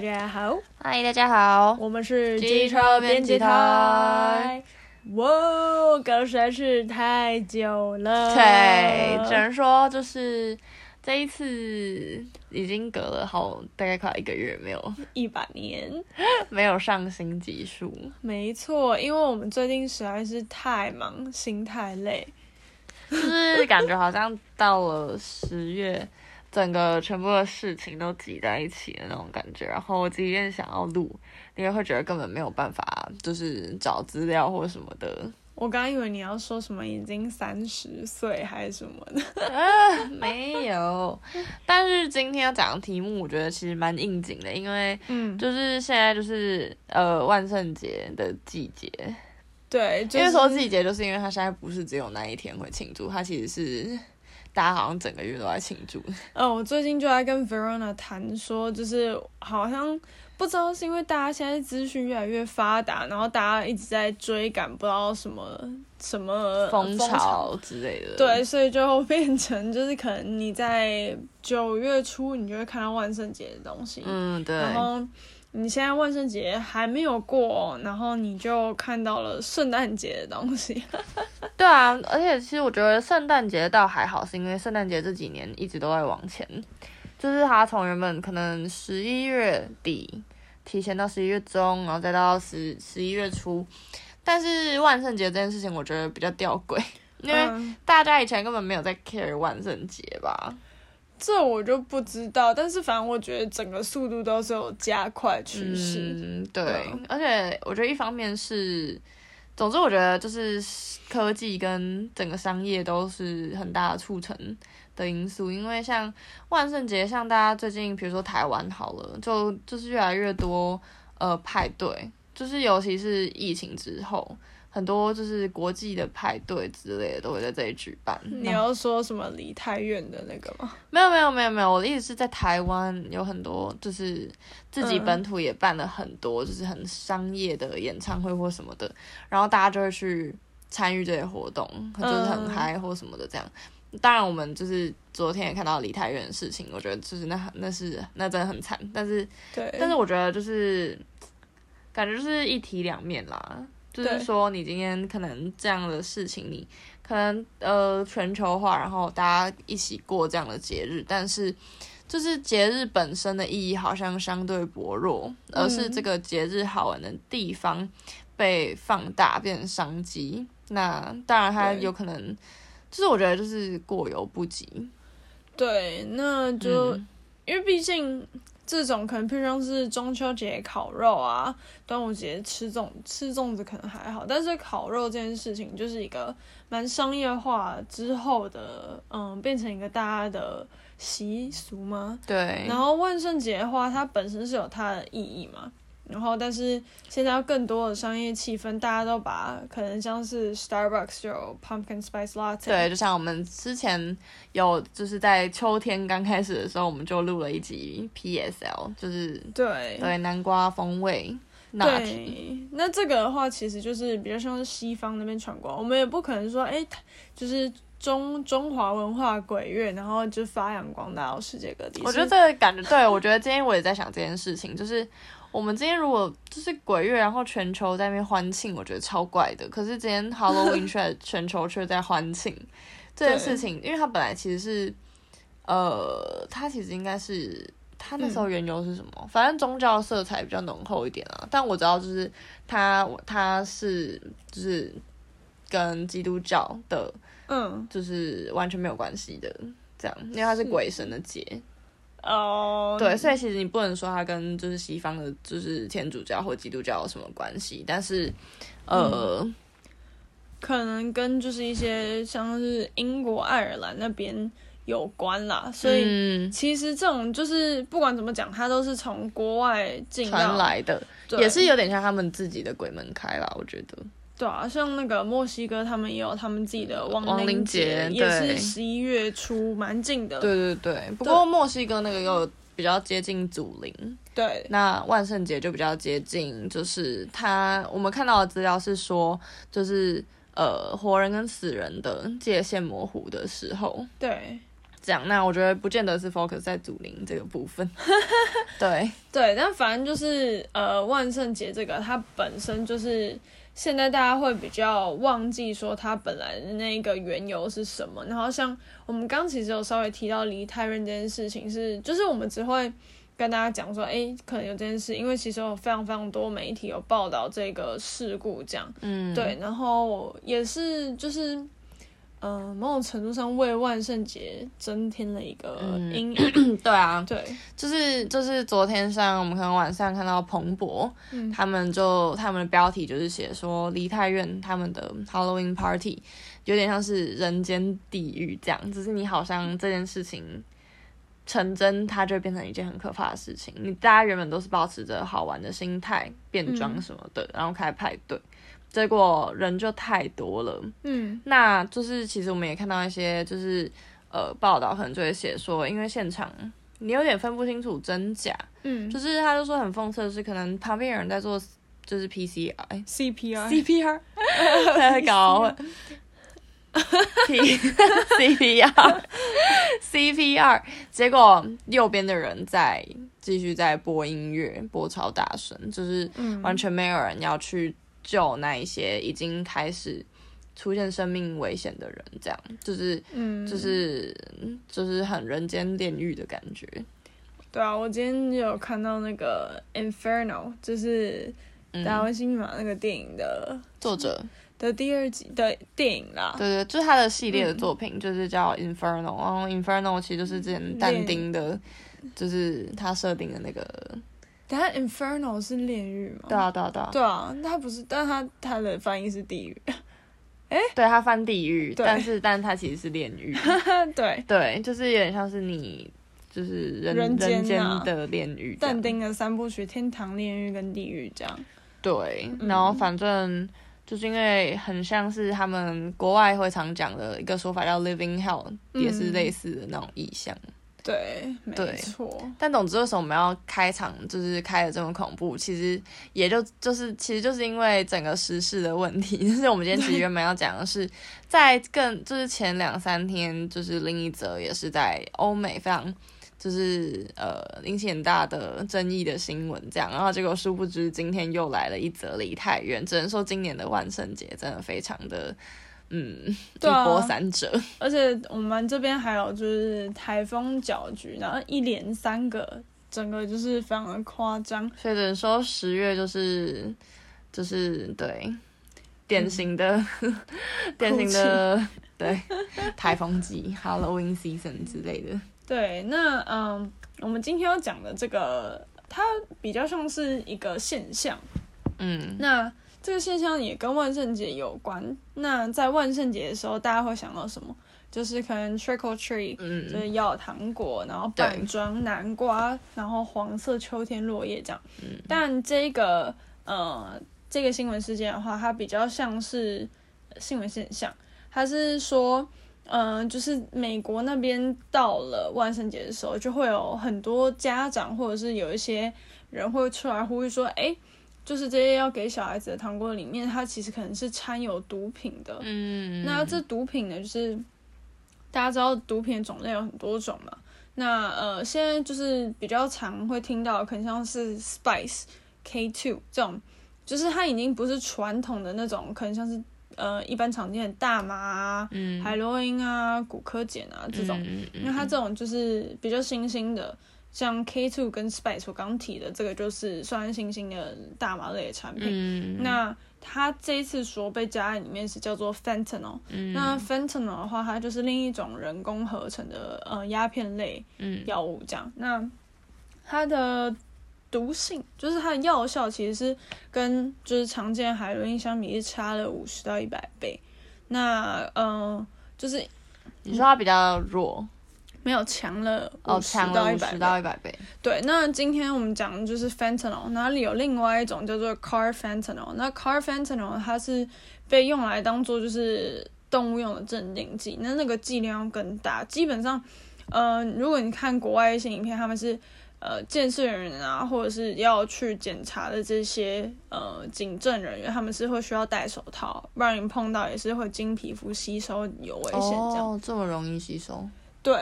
大家好，嗨，大家好，我們是機車編輯台。哇，隔了實在是太久了，對，只能說就是這一次已經隔了好大概快一個月沒有，一百年 沒有上新集數。沒錯，因為我們最近實在是太忙，心太累，就是感覺好像到了十月。 整個全部的事情都擠在一起的那種感覺，然後我即便想要錄，因為會覺得根本沒有辦法，就是找資料或什麼的。我剛剛以為你要說什麼已經三十歲還是什麼的，啊、沒有。 但是今天要講的題目，我覺得其實蠻應景的，因為嗯，就是現在就是、嗯、呃萬聖節的季節。對，就是、因為說季節，就是因為它現在不是只有那一天會慶祝，它其實是。大家好像整個月都在慶祝。哦，嗯，我最近就在跟 Verona 談說，就是好像不知道是因為大家現在資訊越來越發達，然後大家一直在追趕，不知道什麼什麼風潮之類的。對，所以就變成就是可能你在九月初你就會看到萬聖節的東西。嗯，對。然後。你現在萬聖節還沒有過，然後你就看到了聖誕節的東西， 對啊，而且其實我覺得聖誕節倒還好，是因為聖誕節這幾年一直都在往前，就是它從原本可能十一月底提前到十一月中，然後再到十十一月初，但是萬聖節這件事情我覺得比較吊詭，因為大家以前根本沒有在 care 萬聖節吧。這我就不知道，但是反正我覺得整個速度都是有加快趨勢，嗯、對、嗯。而且我覺得一方面是，總之我覺得就是科技跟整個商業都是很大的促成的因素，因為像萬聖節，像大家最近比如說台灣好了，就就是越來越多呃派對，就是尤其是疫情之後。很多就是國際的派對之類的都會在這裡舉辦。你要說什麼梨泰院的那個嗎？沒有，沒有，沒有，沒有。我的意思是在台灣有很多就是自己本土也辦了很多就是很商業的演唱會或什麼的，嗯、然後大家就會去參與這些活動，就是很嗨或什麼的這樣。嗯、當然，我們就是昨天也看到梨泰院的事情，我覺得就是那那是那真的很慘，但是對，但是我覺得就是感覺就是一體兩面啦。就是說，你今天可能這樣的事情，你可能呃全球化，然後大家一起過這樣的節日，但是就是節日本身的意義好像相對薄弱，而是這個節日好玩的地方被放大變成商機。那當然它有可能，就是我覺得就是過猶不及。對，那就因為畢竟。這種可能，譬如說是中秋節烤肉啊，端午節吃粽吃粽子，可能還好，但是烤肉這件事情就是一個蠻商業化之後的，嗯，變成一個大家的習俗嘛。對。然後萬聖節的話，它本身是有它的意義嘛。然後，但是現在要更多的商業氣氛，大家都把可能像是 Starbucks 就有 pumpkin spice latte。對，就像我們之前有，就是在秋天剛開始的時候，我們就錄了一集 PSL，就是對對南瓜風味拿鐵。那那這個的話，其實就是比如說西方那邊傳過來，我們也不可能說哎，就是中中華文化鬼月，然後就發揚光大到世界各地。我覺得這個感覺，對我覺得今天我也在想這件事情，就是。我們今天如果就是鬼月，然後全球在那邊歡慶，我覺得超怪的。可是今天 Halloween 全球卻在歡慶 這件事情，因為它本來其實是，呃，它其實應該是它那時候原由是什麼、嗯？反正宗教色彩比較濃厚一點啊。但我知道就是它，它是就是跟基督教的，嗯，就是完全沒有關係的這樣，因為它是鬼神的節。哦、uh，對，所以其實你不能說它跟就是西方的，就是天主教或基督教有什麼關係，但是，呃，嗯，可能跟就是一些像是英國、愛爾蘭那邊有關啦。所以其實這種就是不管怎麼講，它都是從國外進傳來的，也是有點像他們自己的鬼門開啦，我覺得。對啊，像那個墨西哥，他們也有他們自己的亡靈節，節對，也是十一月初，蠻近的。對對對，不過墨西哥那個又比較接近祖靈。對，那萬聖節就比較接近，就是它我們看到的資料是說，就是呃，活人跟死人的界限模糊的時候。對，這樣。那我覺得不見得是 focus 在祖靈這個部分。 對對，但反正就是呃，萬聖節這個它本身就是。現在大家會比較忘記說他本來的那個緣由是什麼，然後像我們剛剛其實有稍微提到梨泰院這件事情是，就是我們只會跟大家講說，哎、欸，可能有這件事，因為其實有非常非常多媒體有報道這個事故，這樣，嗯，對，然後也是就是。嗯，某種程度上為萬聖節增添了一個陰影、嗯。對啊，對，就是就是昨天上我們可能晚上看到彭博，嗯、他們就他們的標題就是寫說梨泰院，他們的 Halloween party 有點像是人間地獄這樣，只是你好像這件事情成真，它就變成一件很可怕的事情。你大家原本都是保持着好玩的心態，變裝什麼的，嗯，然後開派對。結果人就太多了，嗯，那就是其實我們也看到一些就是呃報道，可能就會寫說，因為現場你有點分不清楚真假，嗯，就是他就說很諷刺的是，可能旁邊有人在做就是 PCR, CPR 他還搞 P C I C P R C P R，搞混，P C P R C P R，結果右邊的人在繼續在播音樂，播超大聲，就是完全沒有人要去。嗯救那一些已經開始出現生命危險的人，這樣就是，嗯，就是就是很人間煉獄的感覺。對啊，我今天有看到那個 Inferno，就是《達文西密碼》那個電影的作者的第二集的電影啦。對對，對，就是他的系列的作品，嗯、就是叫 Inferno，、嗯、然後 Inferno 其實就是之前但丁的，就是他設定的那個。但 Inferno 是煉獄嗎？對啊，對啊，啊、對啊，他不是，但他他的翻譯是地獄，哎、欸，對，他翻地獄，但是，但是他其實是煉獄， 對對，就是有點像是你就是人人間、啊、的煉獄，但丁的三部曲，天堂、煉獄跟地獄這樣，對，然後反正、嗯、就是因為很像是他們國外會常講的一個說法叫 Living Hell，、嗯、也是類似的那種意象。對，對，沒錯。但總之，為什麼我們要開場就是開得這麼恐怖？其實也就就是，其實就是因為整個時事的問題。就是我們今天其實原本要講的是，在更就是前兩三天，就是另一則也是在歐美非常就是呃引起很大的爭議的新聞這樣。然後結果殊不知，今天又來了一則梨泰院，只能說今年的萬聖節真的非常的。嗯、啊，一波三折，而且我們這邊還有就是台風攪局，然後一連三個，整個就是非常的誇張，所以只能說十月就是就是對典型的、嗯、 典型的對台風季、 Halloween season 之類的。對，那嗯，我們今天要講的這個，它比較像是一個現象，嗯，那。這個現象也跟萬聖節有關。那在萬聖節的時候，大家會想到什麼？就是可能 trick l e t r e e 就是咬糖果，嗯、然後擺放南瓜，然後黃色秋天落葉這樣。嗯、但這個呃，這個新聞事件的話，它比較像是新聞現象。它是說，嗯、呃，就是美國那邊到了萬聖節的時候，就會有很多家長或者是有一些人會出來呼籲說，哎。就是這些要給小孩子的糖果裡面，它其實可能是摻有毒品的。嗯，那這毒品呢，就是大家知道毒品的種類有很多種嘛。那呃，現在就是比較常會聽到，可能像是 Spice K2 這種，就是它已經不是傳統的那種，可能像是呃一般常見的大麻啊、海洛因啊、古柯鹼啊這種。那、嗯嗯嗯嗯、它這種就是比較新興的。像 K two 跟 Spice 我剛提的這個就是酸性性的大麻類的產品。嗯、那他這一次說被加在裡面是叫做 Fentanyl、嗯。那 Fentanyl 的話，它就是另一種人工合成的呃鴉片類藥物。這樣，嗯、那它的毒性就是它的藥效其實是跟就是常見海洛因相比是差了五十到一百倍。那嗯、呃，就是你說它比較弱。沒有強了哦，強到十到一百倍。對，那今天我們講的就是 fentanyl，那裡有另外一種叫做 carfentanyl。那 carfentanyl 它是被用來當做就是動物用的鎮定劑，那那個劑量更大。基本上，呃，如果你看國外一些影片，他們是呃鑑識人員啊，或者是要去檢查的這些呃警政人員，他們是會需要戴手套，不然你碰到也是會經皮膚吸收有危險這樣。哦，這麼容易吸收。對，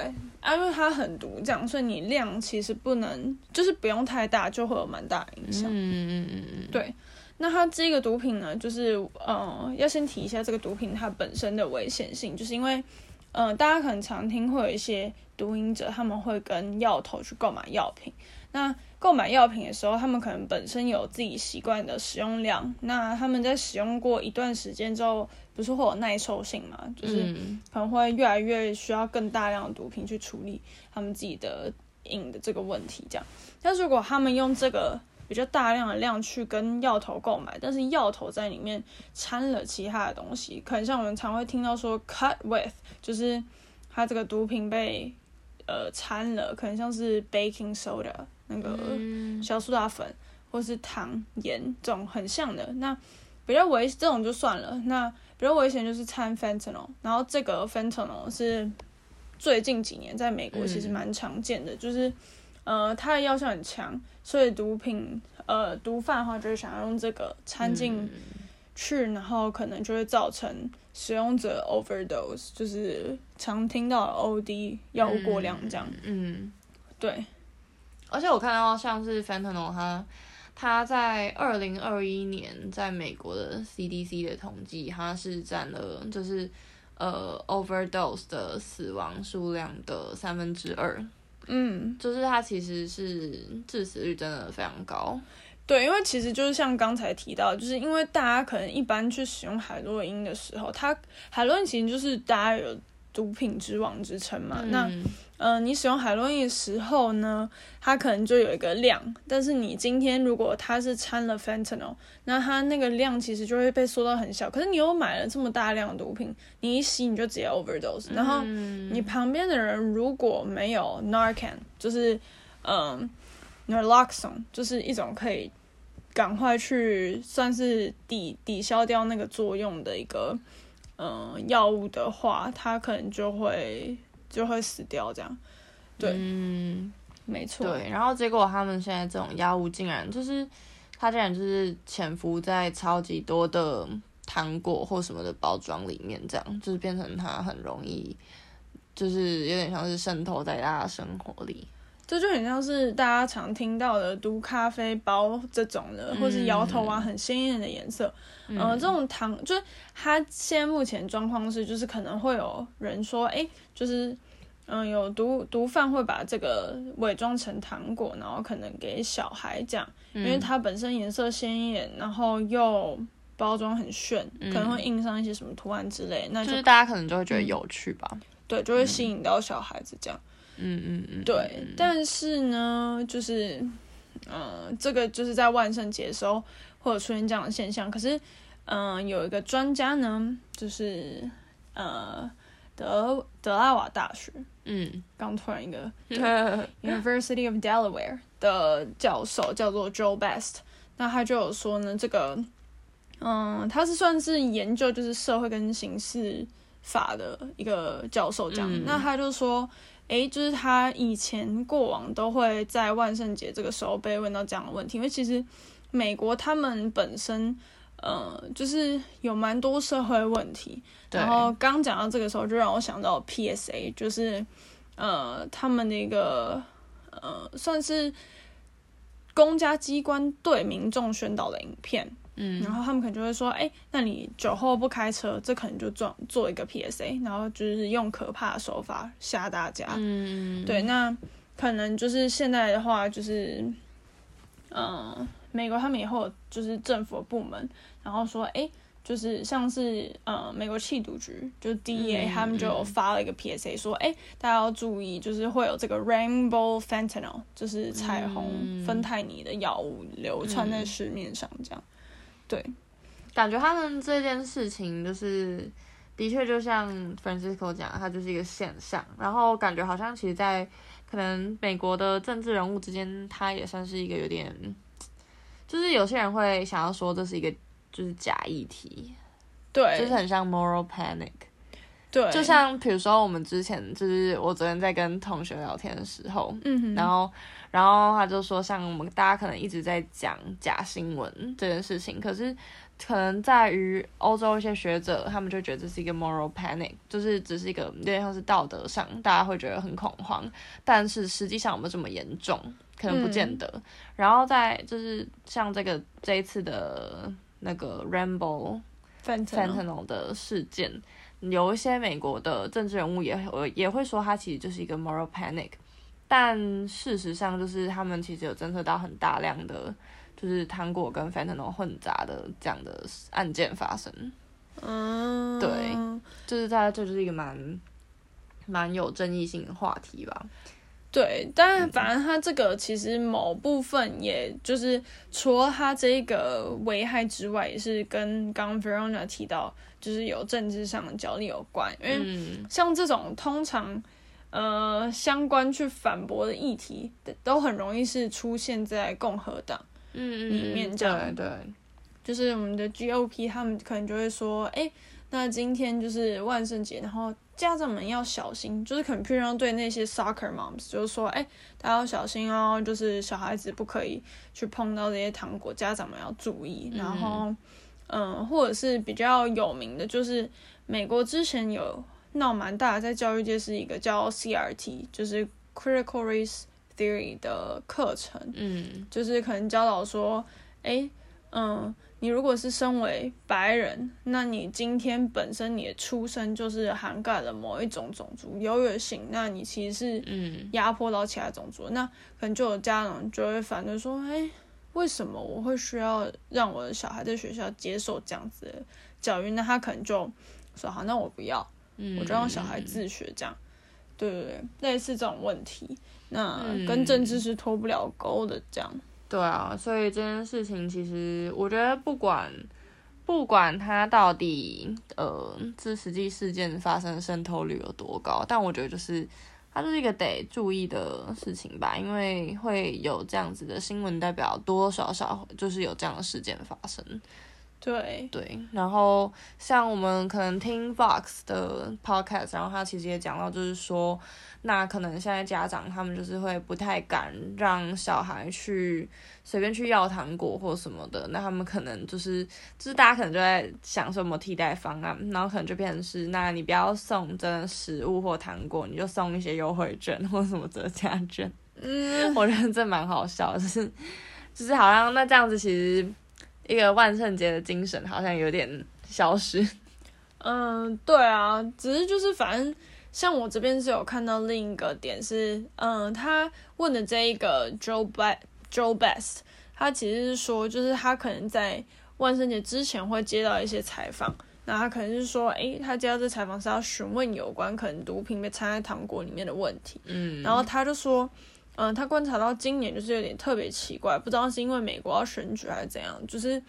因為它很毒，這樣，所以你量其實不能，就是不用太大，就會有蠻大影響。嗯嗯嗯嗯對，那它這個毒品呢，就是呃，要先提一下這個毒品它本身的危險性，就是因為，嗯、呃，大家可能常聽會有一些毒癮者，他們會跟藥頭去購買藥品。那購買藥品的時候，他們可能本身有自己習慣的使用量。那他們在使用過一段時間之後，不是會有耐受性嘛，就是可能會越來越需要更大量的毒品去處理他們自己的癮的這個問題。這樣，但是如果他們用這個比較大量的量去跟藥頭購買，但是藥頭在裡面摻了其他的東西，可能像我們常會聽到說 cut with，就是他這個毒品被呃摻了，可能像是 baking soda。那個小蘇打粉，或是糖鹽這種很像的。那比較危，這種就算了。那比較危險就是摻 Fentanyl，然後這個 Fentanyl 是最近幾年在美國其實蠻常見的，嗯、就是呃它的藥效很強，所以毒品呃毒販的話就是想要用這個摻進去、嗯，然後可能就會造成使用者 overdose，就是常聽到的 OD 藥過量這樣。嗯，對。而且我看到像是 Fentanyl，它它在二零二一年在美國的 CDC 的統計，它是占了就是呃 overdose 的死亡數量的三分之二，嗯，就是它其實是致死率真的非常高。對，因為其實就是像剛才提到，就是因為大家可能一般去使用海洛因的時候，它海洛因其實就是大家有。毒品之王之稱嘛，嗯、那、呃，你使用海洛因的時候呢，它可能就有一個量，但是你今天如果它是摻了 fentanyl，那它那個量其實就會被縮到很小。可是你又買了這麼大量的毒品，你一吸你就直接 overdose，然後你旁邊的人如果沒有 Narcan，就是，嗯、呃，naloxone，就是一種可以趕快去算是抵抵消掉那個作用的一個。嗯，藥物的話，它可能就會就會死掉這樣，對，嗯，沒錯，對，然後結果他們現在這種藥物竟然就是，他竟然就是潛伏在超級多的糖果或什麼的包裝裡面，這樣就是變成它很容易，就是有點像是滲透在大家的生活裡。這就很像是大家常聽到的毒咖啡包這種的，嗯、或是搖頭丸、啊、很鮮豔的顏色、嗯，呃，這種糖就是它現在目前狀況是，就是可能會有人說，哎、欸，就是，嗯、呃，有毒毒販會把這個偽裝成糖果，然後可能給小孩這樣，嗯、因為它本身顏色鮮豔，然後又包裝很炫，可能會印上一些什麼圖案之類、嗯，那就、就是、大家可能就會覺得有趣吧、嗯，對，就會吸引到小孩子這樣。嗯嗯嗯，對，但是呢，就是，呃，這個就是在萬聖節的時候會有出現這樣的現象。可是，嗯、呃，有一個專家呢，就是呃，德德拉瓦大學，嗯，剛突然一個對 University of Delaware 的教授叫做 Joe Best，那他就有說呢，這個，嗯、呃，他是算是研究就是社會跟刑事法的一個教授這樣、嗯，那他就說。誒、欸，就是他以前過往都會在萬聖節這個時候被問到這樣的問題，因為其實美國他們本身，呃，就是有蠻多社會問題。對。然後剛剛講到這個時候，就讓我想到 PSA，就是呃，他們的一個呃，算是公家機關對民眾宣導的影片。嗯，然後他們可能就會說：“哎、欸，那你酒後不開車，這可能就做做一個 P S A，然後就是用可怕的手法嚇大家。”嗯，對，那可能就是現在的話，就是，嗯、呃，美國他們以後就是政府部門，然後說：“哎、欸，就是像是呃，美國緝毒局，就是 D A、嗯、他們就發了一個 P S A 說：‘哎、嗯欸，大家要注意，就是會有這個 Rainbow Fentanyl，就是彩虹芬太尼的藥物流傳在市面上，這樣。’對，感覺他們這件事情就是，的確就像 Francisco 講，他就是一個現象。然後感覺好像其實，在可能美國的政治人物之間，他也算是一個有點，就是有些人會想要說這是一個就是假議題，對，就是很像 moral panic，對，就像比如說我們之前就是我昨天在跟同學聊天的時候，嗯哼，然後。然後他就說，像我們大家可能一直在講假新聞這件事情，可是可能在於歐洲一些學者，他們就覺得這是一個 moral panic，就是只是一個有點像是道德上大家會覺得很恐慌，但是實際上有沒有這麼嚴重，可能不見得。嗯、然後在就是像這個這一次的那個 Rainbow Fentanyl 的事件，有一些美國的政治人物也也會說，他其實就是一個 moral panic。但事實上，就是他們其實有偵測到很大量的，就是糖果跟 fentanyl 混雜的這樣的案件發生。嗯，對，就是它，這就是一個蠻蠻有爭議性的話題吧。對，但反正它這個其實某部分，也就是除了它這個危害之外，也是跟剛剛 Verona 提到，就是有政治上的角力有關，因為像這種通常。呃，相關去反駁的議題都都很容易是出現在共和黨裡面嗯嗯嗯這樣對，對，對，就是我們的 GOP，他們可能就會說，哎、欸，那今天就是萬聖節，然後家長們要小心，就是可能平常對那些 soccer moms，就是說，哎、欸，大家要小心哦，就是小孩子不可以去碰到這些糖果，家長們要注意。然後，嗯，嗯、呃，或者是比較有名的，就是美國之前有。鬧蠻大的，在教育界是一個叫 CRT，就是 Critical Race Theory 的課程，嗯，就是可能教導說，哎、欸，嗯，你如果是身為白人，那你今天本身你的出身就是涵蓋了某一種種族優越性，那你其實是嗯壓迫到其他種族，那可能就有家長就會反對說，哎、欸，為什麼我會需要讓我的小孩在學校接受這樣子的教育？那他可能就說好，那我不要。我就讓小孩自學這樣，嗯、對，對，類似這種問題，那跟政治是脫不了鈎的這樣、嗯。對啊，所以這件事情其實，我覺得不管不管它到底呃，這實際事件發生的滲透率有多高，但我覺得就是它就是一個得注意的事情吧，因為會有這樣子的新聞代表多少少，就是有這樣的事件發生。對對，然後像我們可能聽 Vox 的 Podcast，然後他其實也講到，就是說，那可能現在家長他們就是會不太敢讓小孩去隨便去要糖果或什麼的，那他們可能就是就是大家可能就在想什麼替代方案，然後可能就變成是，那你不要送真的食物或糖果，你就送一些優惠券或什麼折價券。嗯，我覺得這蠻好笑的，就是就是好像那這樣子其實。一個萬聖節的精神好像有點消失，嗯，對啊，只是就是反正像我這邊是有看到另一個點是，嗯，他問的這一個 Joe Best，Joe Best，他其實是說，就是他可能在萬聖節之前會接到一些採訪，那他可能是說，誒、欸、他接到這採訪是要詢問有關可能毒品被摻在糖果裡面的問題，嗯，然後他就說。嗯、呃，他觀察到今年就是有點特別奇怪，不知道是因為美國要選舉還是怎樣。就是，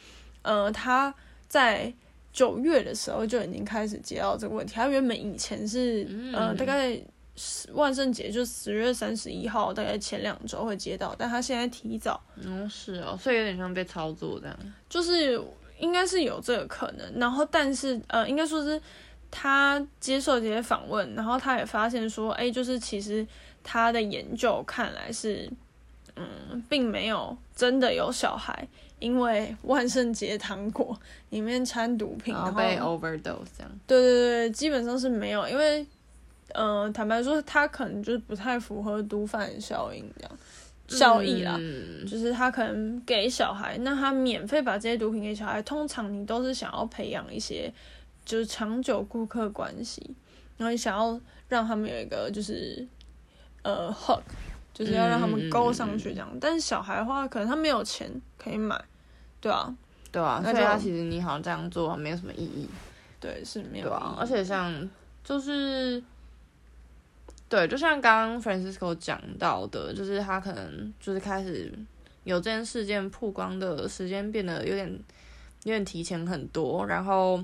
呃，他在九月的時候就已經開始接到這個問題。他原本以前是，嗯、呃，大概十萬聖節就十月三十一號，大概前兩週會接到，但他現在提早。嗯、哦，是哦，所以有點像被操作這樣。就是應該是有這個可能。然後，但是，呃，應該說是他接受這些訪問，然後他也發現說，哎、欸，就是其實。他的研究看來是，嗯，並沒有真的有小孩，因為萬聖節糖果裡面摻毒品，被 overdose 這樣。對對對，基本上是沒有，因為，呃，坦白說，他可能就是不太符合毒販效應，這樣效益啦、嗯，就是他可能給小孩，那他免費把這些毒品給小孩，通常你都是想要培養一些就是長久顧客關係，然後你想要讓他們有一個就是。呃 hook 就是要讓他們勾上去這樣、嗯，但是小孩的話，可能他沒有錢可以買，對啊，對啊，那所以他其實你好像這樣做沒有什麼意義，對，是沒有意義。對啊，而且像就是，對，就像剛剛 Francisco 講到的，就是他可能就是開始有這件事件曝光的時間變得有點，有點提前很多，然後，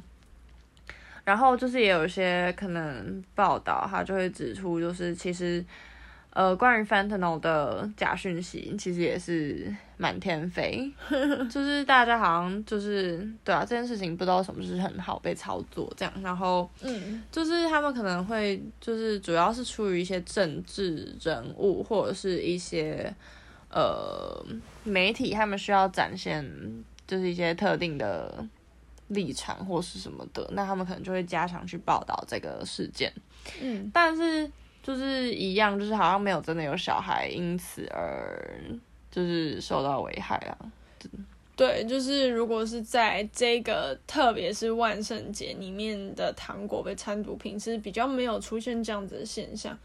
然後就是也有一些可能報道，他就會指出，就是其實。呃，關於 Fentanyl 的假訊息，其實也是滿天飛， 就是大家好像就是對啊，這件事情不知道什麼是很好被操作這樣，然後嗯，就是他們可能會就是主要是出於一些政治人物或者是一些呃媒體，他們需要展現就是一些特定的立場或是什麼的，那他們可能就會加強去報道這個事件，嗯，但是。就是一樣，就是好像沒有真的有小孩因此而就是受到危害啊。對，就是如果是在這個，特別是萬聖節裡面的糖果被摻毒品，其實比較沒有出現這樣子的現象。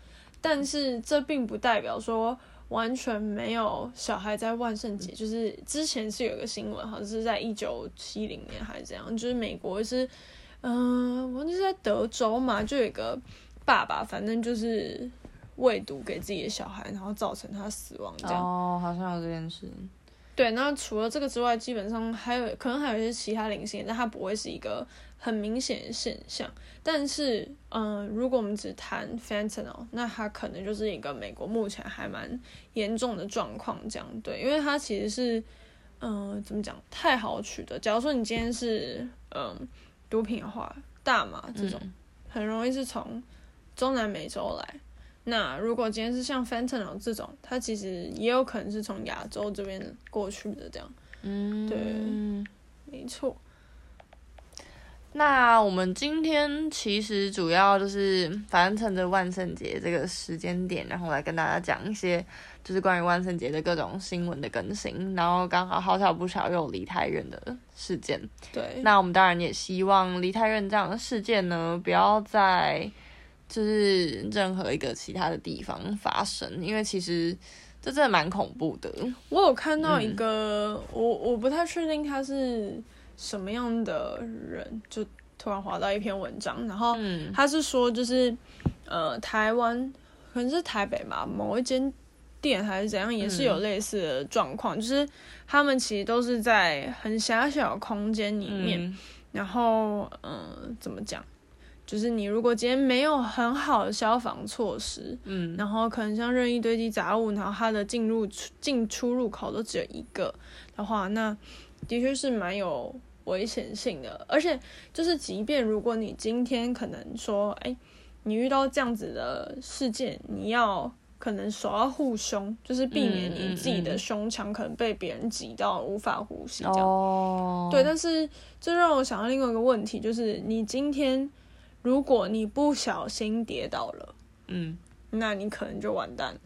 但是這並不代表說完全沒有小孩在萬聖節，就是之前是有個新聞，好像是在一九七零年還是怎樣，就是美國是，嗯、呃，我就是在德州嘛，就有一個。爸爸，反正就是餵毒給自己的小孩，然後造成他死亡這樣。哦、oh,，好像有這件事。對，那除了這個之外，基本上還有可能還有一些其他零星，但它不會是一個很明顯的現象。但是，嗯、呃，如果我們只談 fentanyl，那它可能就是一個美國目前還蠻嚴重的狀況。這樣對，因為它其實是，嗯、呃，怎麼講，太好取的。假如說你今天是嗯、呃、毒品的話，大麻這種、嗯、很容易是從。中南美洲來，那如果今天是像 fentanyl 這種，他其實也有可能是從亞洲這邊過去的，這樣，嗯，對，沒錯。那我們今天其實主要就是反正趁著萬聖節這個時間點，然後來跟大家講一些就是關於萬聖節的各種新聞的更新，然後剛好好巧不巧又有梨泰院的事件，對，那我們當然也希望梨泰院這樣的事件呢，不要再。就是任何一個其他的地方發生，因為其實這真的蠻恐怖的。我有看到一個，嗯、我我不太確定他是什麼樣的人，就突然滑到一篇文章，然後他是說就是，嗯、呃，台灣可能是台北嘛，某一間店還是怎樣，也是有類似的狀況，嗯，就是他們其實都是在很狹小的空間裡面，嗯、然後嗯、呃，怎麼講？就是你如果今天沒有很好的消防措施，嗯，然後可能像任意堆積雜物，然後它的進入、進出入口都只有一個的話，那的確是蠻有危險性的。而且就是，即便如果你今天可能說，哎、欸，你遇到這樣子的事件，你要可能手要護胸，就是避免你自己的胸腔可能被別人擠到無法呼吸這樣嗯嗯嗯。對。但是這讓我想到另外一個問題，就是你今天。如果你不小心跌倒了，嗯，那你可能就完蛋。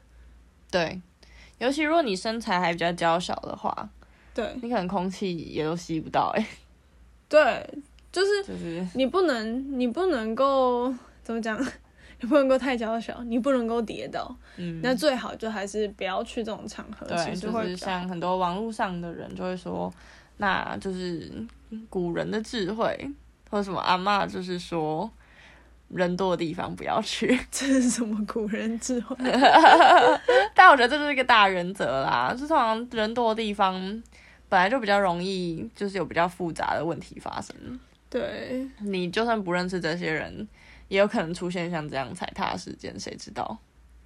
對，尤其如果你身材還比較嬌小的話，對，你可能空氣也都吸不到、欸。哎，對，就是、就是、你不能，你不能夠怎麼講？你不能夠太嬌小，你不能夠跌倒。嗯，那最好就還是不要去這種場合。對，就是像很多網絡上的人就會說，那就是古人的智慧，或者什麼阿嬤，就是說。人多的地方不要去，這是什麼古人智慧？ 但我覺得這就是一個大原則啦。就是，通常人多的地方，本來就比較容易，就是有比較複雜的問題發生。對，你就算不認識這些人，也有可能出現像這樣踩踏事件，誰知道？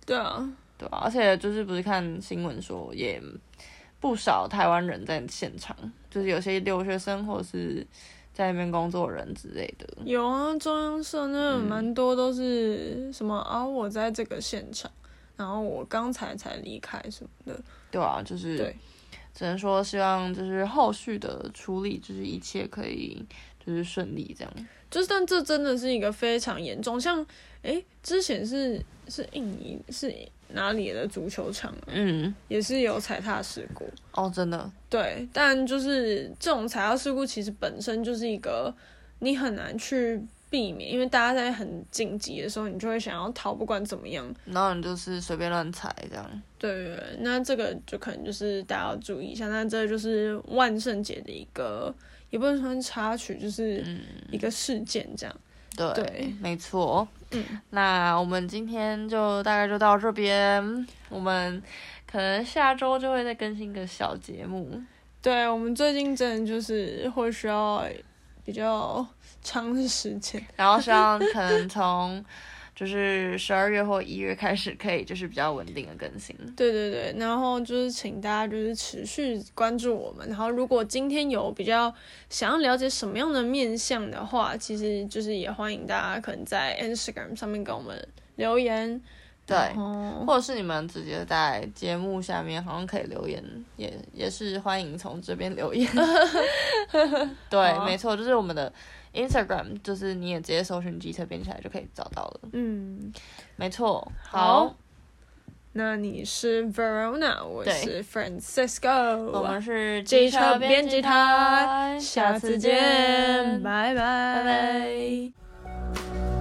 對啊，對吧，啊？而且就是不是看新聞說，也不少台灣人在現場，就是有些留學生或者是。在那邊工作人之類的，有啊，中央社那個，嗯，蠻多都是什麼啊，我在這個現場，然後我剛才才離開什麼的，對啊，就是，對，只能說希望就是後續的處理就是一切可以就是順利這樣，就是但這真的是一個非常嚴重，像欸，之前是是印尼是。哪裡的足球場啊？嗯，也是有踩踏事故哦，真的。對，但就是這種踩踏事故，其實本身就是一個你很難去避免，因為大家在很緊急的時候，你就會想要逃，不管怎麼樣，然後你就是隨便亂踩這樣。對，那這個就可能就是大家要注意一下。那這就是萬聖節的一個，也不能說插曲，就是嗯，一個事件這樣。嗯，對，對，沒錯。嗯，那我們今天就大概就到這邊，我們可能下周就會再更新一個小節目。對，我們最近真的就是會需要比較長的時間，然後希望可能從。就是十二月或一月開始可以，就是比較穩定的更新。對對對，然後就是請大家就是持續關注我們。然後如果今天有比較想要了解什麼樣的面向的話，其實就是也歡迎大家可能在 Instagram 上面給我們留言，對，或者是你們直接在節目下面好像可以留言，也也是歡迎從這邊留言。 對、啊，沒錯，就是我們的。Instagram 就是你也直接搜尋機車編輯台就可以找到了。嗯，沒錯。好，那你是 Verona，我是 Francisco，我們是機車編輯台，下次見，拜拜。拜拜。